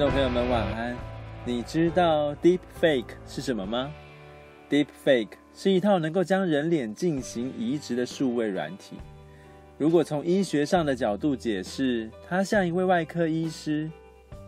聽眾朋友們晚安，你知道 Deepfake 是什麼嗎？Deepfake 是一套能夠將人臉進行移植的數位軟體。如果從醫學上的角度解釋，它像一位外科醫師，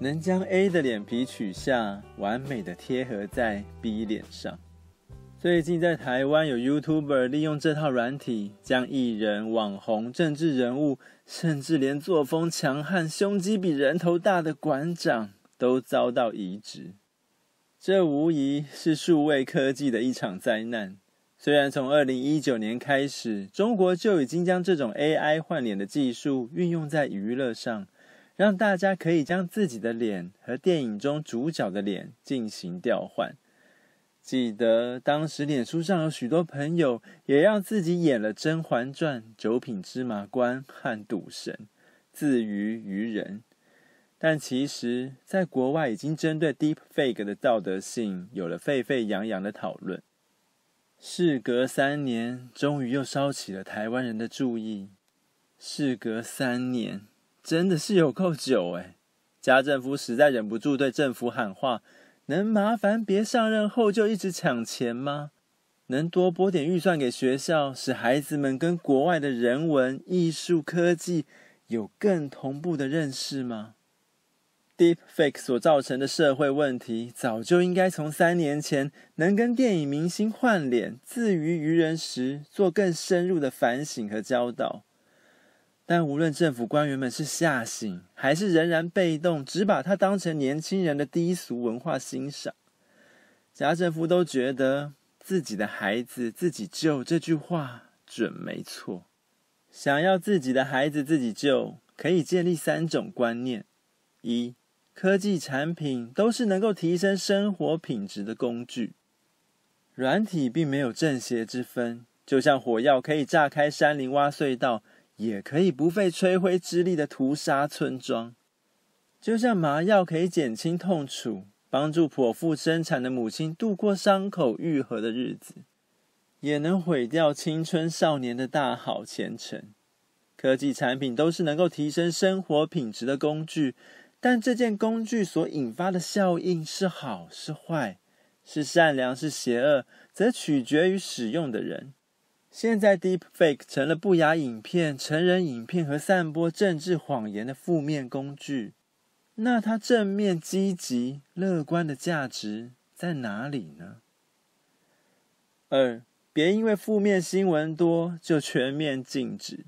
能將 A 的臉皮取下，完美的貼合在 B 臉上。最近在台灣有 YouTuber 利用這套軟體，將藝人、網紅、政治人物，甚至連作風強悍、胸肌比人頭大的館長。都遭到移植，這無疑是數位科技的一場災難。雖然從二零一九年開始，中國就已經將這種 AI 換臉的技術運用在娛樂上，讓大家可以將自己的臉和電影中主角的臉進行調換。記得當時臉書上有許多朋友也讓自己演了《甄嬛傳》《九品芝麻官》和《賭神》，自娛娛人。但其實，在國外已經針對 Deepfake 的道德性有了沸沸揚揚的討論。事隔三年，終於又燒起了台灣人的注意。事隔三年，真的是有夠久欸。家政夫實在忍不住對政府喊話：能麻煩別上任後就一直搶錢嗎？能多撥點預算給學校，使孩子們跟國外的人文、藝術、科技有更同步的認識嗎？Deepfake 所造成的社會問題，早就應該從三年前能跟電影明星換臉自娛娛人時做更深入的反省和教導。但無論政府官員們是嚇醒，還是仍然被動，只把它當成年輕人的低俗文化欣賞，賈政府都覺得自己的孩子自己救這句話準沒錯。想要自己的孩子自己救，可以建立三種觀念：一。科技產品都是能夠提升生活品質的工具。軟體並沒有正邪之分，就像火藥可以炸開山林挖隧道，也可以不費吹灰之力的屠殺村莊；就像麻藥可以減輕痛楚，幫助剖腹生產的母親度過傷口癒合的日子，也能毀掉青春少年的大好前程。科技產品都是能夠提升生活品質的工具。但這件工具所引發的效應是好是壞，是善良是邪惡，則取決於使用的人。現在，deepfake 成了不雅影片、成人影片和散播政治謊言的負面工具，那它正面、積極、樂觀的價值在哪裡呢？二，別因為負面新聞多，就全面禁止。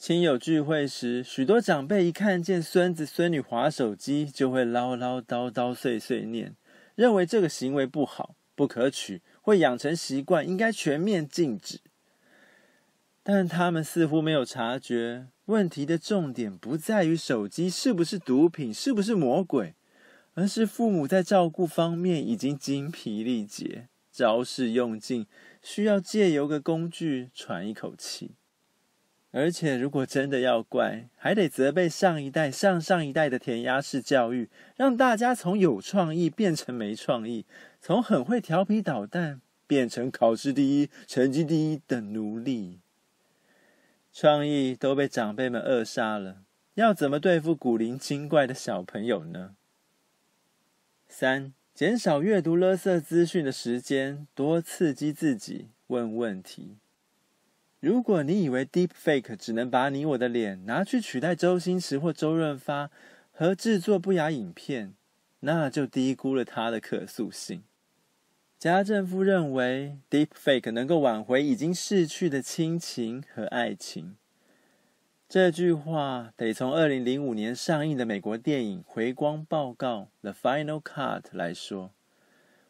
親友聚會時，許多長輩一看見孫子孫女滑手機，就會嘮嘮叨叨、碎碎唸，認為這個行為不好、不可取，會養成習慣，應該全面禁止。但他們似乎沒有察覺，問題的重點不在於手機是不是毒品、是不是魔鬼，而是父母在照顧方面已經精疲力竭，招式用盡，需要借由個工具喘一口氣。而且，如果真的要怪，還得責備上一代、上上一代的填鴨式教育，讓大家從有創意變成沒創意，從很會調皮搗蛋變成考試第一、成績第一的奴隸。創意都被長輩們扼殺了，要怎麼對付古靈精怪的小朋友呢？三、減少閱讀垃圾資訊的時間，多刺激自己，問問題。如果你以為 deep fake 只能把你我的臉拿去取代周星馳或周潤發和製作不雅影片，那就低估了它的可塑性。家政夫認為 deep fake 能夠挽回已經逝去的親情和愛情。這句話得從二零零五年上映的美國電影《回光報告》（The Final Cut） 來說。《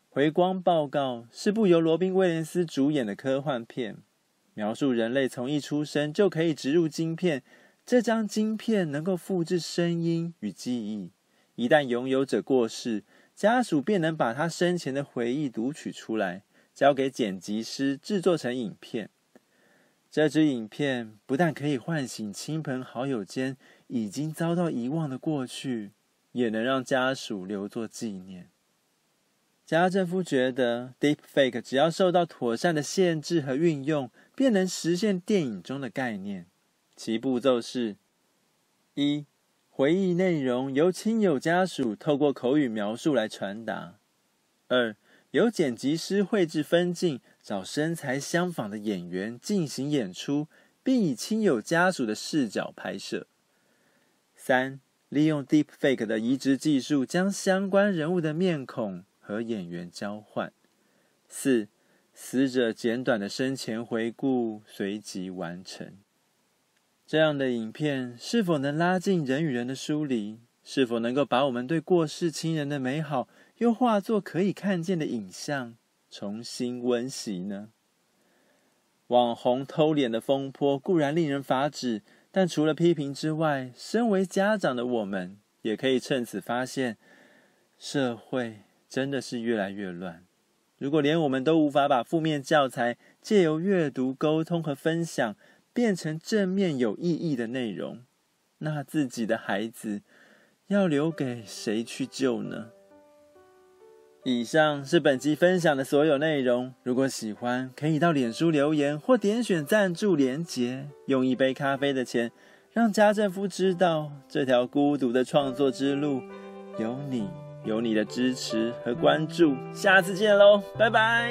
回光報告》是部由羅賓·威廉斯主演的科幻片。描述人類從一出生就可以植入晶片，這張晶片能夠複製聲音與記憶。一旦擁有者過世，家屬便能把他生前的回憶讀取出來，交給剪輯師製作成影片。這支影片不但可以喚醒親朋好友間已經遭到遺忘的過去，也能讓家屬留作紀念。家政夫覺得，deepfake 只要受到妥善的限制和運用，便能實現電影中的概念。其步驟是：一、回憶內容由親友家屬透過口語描述來傳達；二、由剪輯師繪制分鏡，找身材相仿的演員進行演出，並以親友家屬的視角拍攝；三、利用 deepfake 的移植技術，將相關人物的面孔。和演員交換。四，死者簡短的生前回顧隨即完成。這樣的影片是否能拉近人與人的疏離？是否能夠把我們對過世親人的美好，又化作可以看見的影像，重新溫習呢？網紅偷臉的風波固然令人髮指，但除了批評之外，身為家長的我們，也可以趁此發現社會。真的是越來越亂。如果連我們都無法把負面教材借由閱讀、溝通和分享變成正面有意義的內容，那自己的孩子要留給誰去救呢？以上是本期分享的所有內容。如果喜歡，可以到臉書留言或點選贊助連結，用一杯咖啡的錢，讓家政夫知道這條孤獨的創作之路有你。有你的支持和關注，下次見嘍，拜拜。